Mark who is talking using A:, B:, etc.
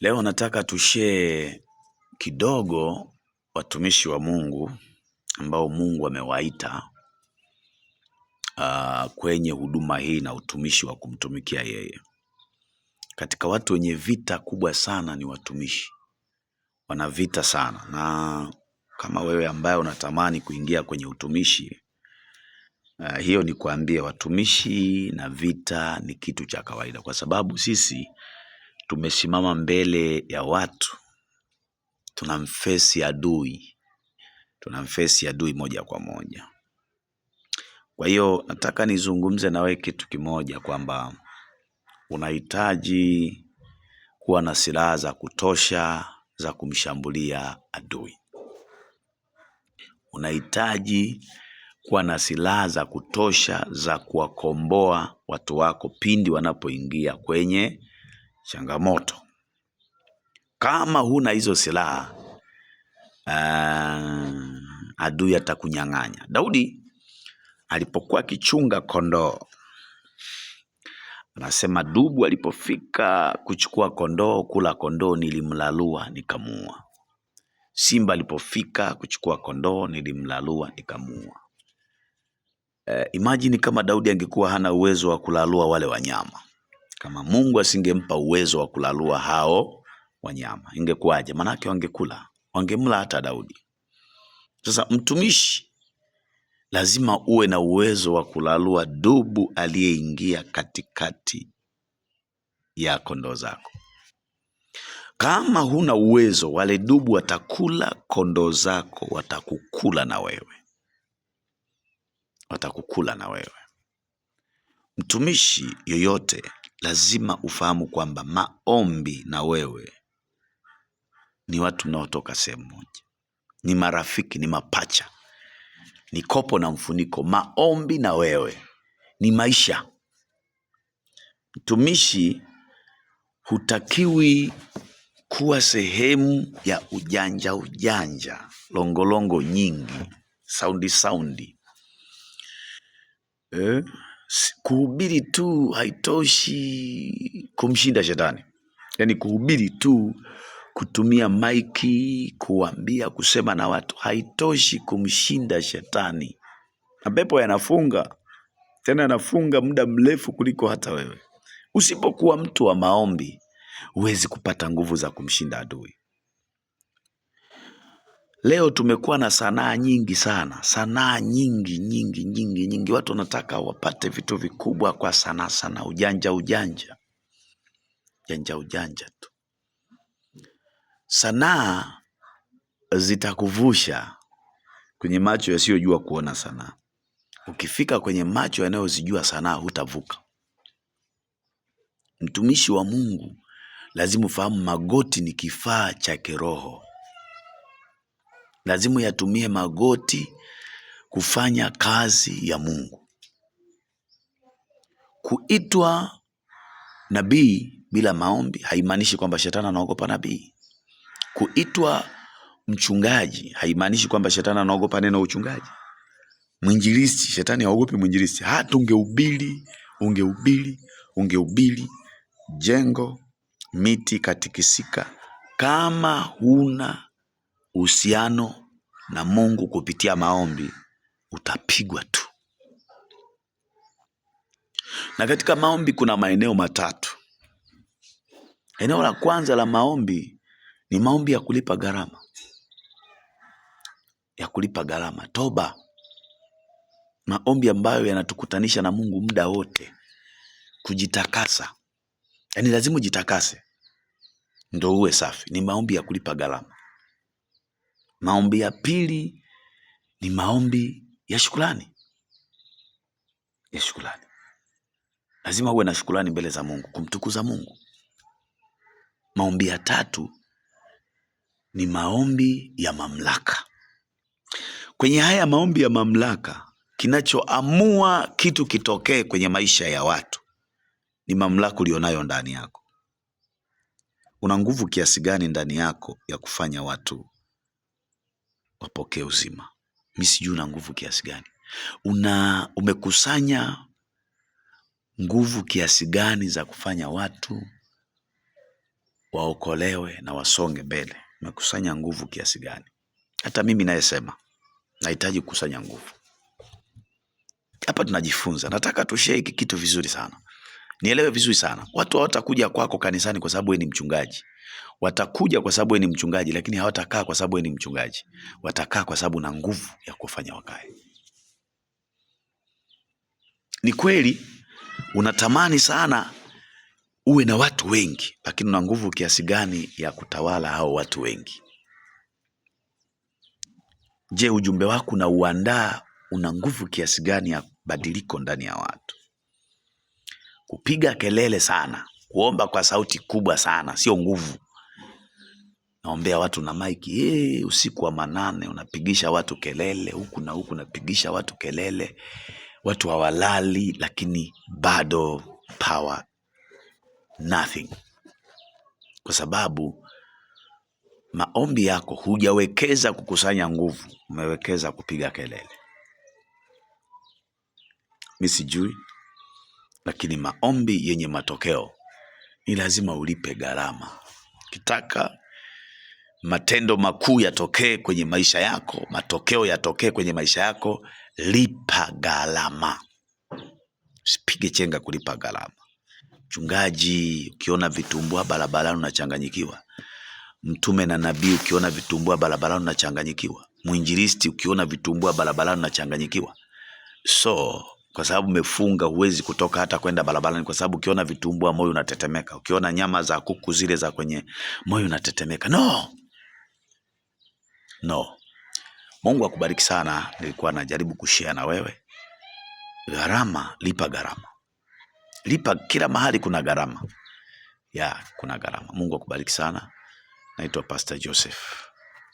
A: Leo nataka tushee kidogo watumishi wa Mungu ambao Mungu amewaita uh, kwenye huduma hii na utumishi wa kumtumikia yeye. Katika watu wenye vita kubwa sana ni watumishi, wana vita sana. Na kama wewe ambaye unatamani kuingia kwenye utumishi uh, hiyo ni kuambia watumishi na vita ni kitu cha kawaida, kwa sababu sisi tumesimama mbele ya watu, tunamfesi adui, tunamfesi adui moja kwa moja. Kwa hiyo nataka nizungumze nawee kitu kimoja kwamba unahitaji kuwa na silaha za kutosha za kumshambulia adui. Unahitaji kuwa na silaha za kutosha za kuwakomboa watu wako pindi wanapoingia kwenye changamoto. Kama huna hizo silaha uh, adui atakunyang'anya. Daudi alipokuwa akichunga kondoo, anasema dubu alipofika kuchukua kondoo, kula kondoo, nilimlalua nikamuua. Simba alipofika kuchukua kondoo, nilimlalua nikamuua. Uh, eh, imajini kama Daudi angekuwa hana uwezo wa kulalua wale wanyama kama Mungu asingempa uwezo wa kulalua hao wanyama ingekuwaje? Manake wangekula, wangemla hata Daudi. Sasa mtumishi lazima uwe na uwezo wa kulalua dubu aliyeingia katikati ya kondoo zako. Kama huna uwezo, wale dubu watakula kondoo zako, watakukula na wewe, watakukula na wewe. Mtumishi yoyote lazima ufahamu kwamba maombi na wewe ni watu mnaotoka sehemu moja, ni marafiki, ni mapacha, ni kopo na mfuniko. Maombi na wewe ni maisha. Mtumishi hutakiwi kuwa sehemu ya ujanja ujanja, longolongo longo nyingi, saundi saundi eh? kuhubiri tu haitoshi kumshinda shetani yaani kuhubiri tu kutumia maiki kuambia kusema na watu haitoshi kumshinda shetani mapepo yanafunga tena yanafunga muda mrefu kuliko hata wewe usipokuwa mtu wa maombi huwezi kupata nguvu za kumshinda adui Leo tumekuwa na sanaa nyingi sana, sanaa nyingi nyingi nyingi nyingi. Watu wanataka wapate vitu vikubwa kwa sanaa sana, ujanja ujanja ujanja ujanja tu. Sanaa zitakuvusha kwenye macho yasiyojua kuona sanaa. Ukifika kwenye macho yanayozijua sanaa, hutavuka. Mtumishi wa Mungu lazima ufahamu, magoti ni kifaa cha kiroho lazima yatumie magoti kufanya kazi ya Mungu. Kuitwa nabii bila maombi haimaanishi kwamba shetani anaogopa nabii. Kuitwa mchungaji haimaanishi kwamba shetani anaogopa neno uchungaji. Mwinjilisti, shetani haogopi mwinjilisti. Hata ungeubili ungeubili ungeubili jengo miti katikisika, kama huna uhusiano na Mungu kupitia maombi utapigwa tu. Na katika maombi kuna maeneo matatu. Eneo la kwanza la maombi ni maombi ya kulipa gharama, ya kulipa gharama, toba, maombi ambayo yanatukutanisha na Mungu muda wote, kujitakasa. Yaani lazima ujitakase ndo uwe safi, ni maombi ya kulipa gharama. Maombi ya pili ni maombi ya shukrani, ya shukrani. Lazima uwe na shukrani mbele za Mungu, kumtukuza Mungu. Maombi ya tatu ni maombi ya mamlaka. Kwenye haya maombi ya mamlaka, kinachoamua kitu kitokee kwenye maisha ya watu ni mamlaka ulionayo ndani yako. Una nguvu kiasi gani ndani yako ya kufanya watu wapokee uzima. Mi sijui una nguvu kiasi gani, una umekusanya nguvu kiasi gani za kufanya watu waokolewe na wasonge mbele. Umekusanya nguvu kiasi gani? Hata mimi nayesema nahitaji kukusanya nguvu. Hapa tunajifunza, nataka tushie hiki kitu vizuri sana, nielewe vizuri sana. Watu hawatakuja kwako kanisani kwa sababu wewe ni mchungaji. Watakuja kwa sababu ni mchungaji, lakini hawatakaa kwa sababu ni mchungaji. Watakaa kwa sababu na nguvu ya kufanya wakae. Ni kweli unatamani sana uwe na watu wengi, lakini una nguvu kiasi gani ya kutawala hao watu wengi? Je, ujumbe wako na uandaa una nguvu kiasi gani ya badiliko ndani ya watu? Kupiga kelele sana, kuomba kwa sauti kubwa sana sio nguvu naombea watu na maiki hey, eh, usiku wa manane unapigisha watu kelele huku na huku, unapigisha watu kelele, watu hawalali, lakini bado power nothing, kwa sababu maombi yako hujawekeza kukusanya nguvu, umewekeza kupiga kelele. Mi sijui, lakini maombi yenye matokeo ni lazima ulipe gharama kitaka matendo makuu yatokee kwenye maisha yako, matokeo yatokee kwenye maisha yako, lipa gharama. Usipige chenga kulipa gharama. Mchungaji, ukiona vitumbua barabarani unachanganyikiwa. Mtume na nabii, ukiona vitumbua barabarani unachanganyikiwa. Mwinjilisti, ukiona vitumbua barabarani unachanganyikiwa. So kwa sababu umefunga, huwezi kutoka hata kwenda barabarani, kwa sababu ukiona vitumbua moyo unatetemeka, ukiona nyama za kuku zile za kwenye moyo unatetemeka. No, No. Mungu akubariki sana. Nilikuwa najaribu kushare na wewe gharama, lipa gharama, lipa. Kila mahali kuna gharama ya, kuna gharama. Mungu akubariki sana. Naitwa Pastor Joseph.